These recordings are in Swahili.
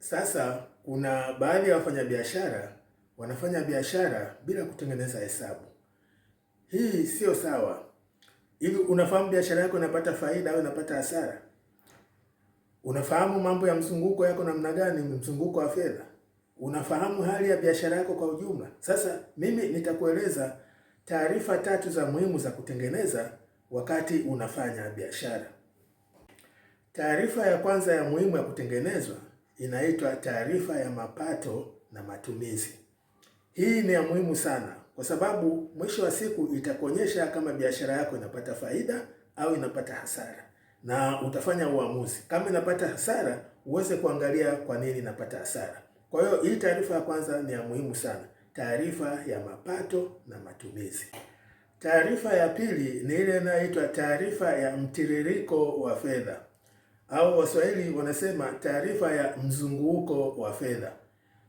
Sasa kuna baadhi ya wafanyabiashara wanafanya biashara bila kutengeneza hesabu. Hii sio sawa. Hivi unafahamu biashara yako inapata faida au inapata hasara? Unafahamu mambo ya mzunguko yako namna gani, mzunguko wa fedha? Unafahamu hali ya biashara yako kwa ujumla? Sasa mimi nitakueleza taarifa tatu za muhimu za kutengeneza wakati unafanya biashara. Taarifa ya kwanza ya muhimu ya kutengenezwa inaitwa taarifa ya mapato na matumizi. Hii ni ya muhimu sana kwa sababu mwisho wa siku itakuonyesha kama biashara yako inapata faida au inapata hasara, na utafanya uamuzi. Kama inapata hasara, uweze kuangalia kwa nini inapata hasara. Kwa hiyo hii taarifa ya kwanza ni ya muhimu sana, taarifa ya mapato na matumizi. Taarifa ya pili ni ile inayoitwa taarifa ya mtiririko wa fedha au Waswahili wanasema taarifa ya mzunguko wa fedha.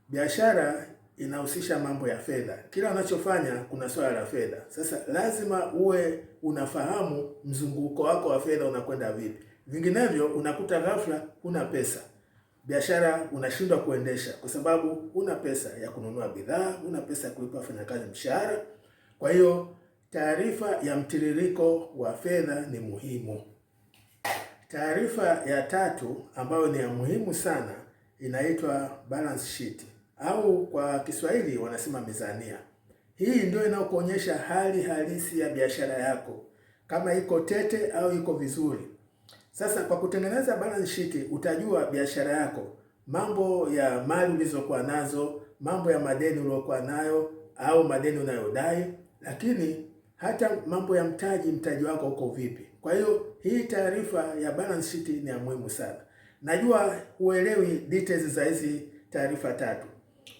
Biashara inahusisha mambo ya fedha, kila unachofanya kuna swala la fedha. Sasa lazima uwe unafahamu mzunguko wako wa fedha unakwenda vipi, vinginevyo unakuta ghafla huna pesa, biashara unashindwa kuendesha kwa sababu huna pesa ya kununua bidhaa, huna pesa ya kulipa wafanyakazi mshahara. Kwa hiyo taarifa ya mtiririko wa fedha ni muhimu. Taarifa ya tatu ambayo ni ya muhimu sana inaitwa balance sheet au kwa Kiswahili wanasema mizania. Hii ndio inayokuonyesha hali halisi ya biashara yako kama iko tete au iko vizuri. Sasa kwa kutengeneza balance sheet utajua biashara yako, mambo ya mali ulizokuwa nazo, mambo ya madeni uliokuwa nayo au madeni unayodai, lakini hata mambo ya mtaji, mtaji wako uko vipi? Kwa hiyo hii taarifa ya balance sheet ni ya muhimu sana. Najua huelewi details za hizi taarifa tatu.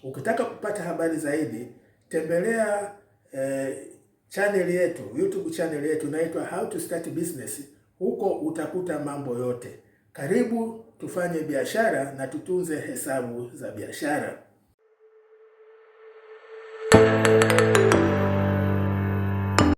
Ukitaka kupata habari zaidi, tembelea eh, channel yetu, YouTube channel yetu inaitwa How to Start Business. Huko utakuta mambo yote. Karibu tufanye biashara na tutunze hesabu za biashara.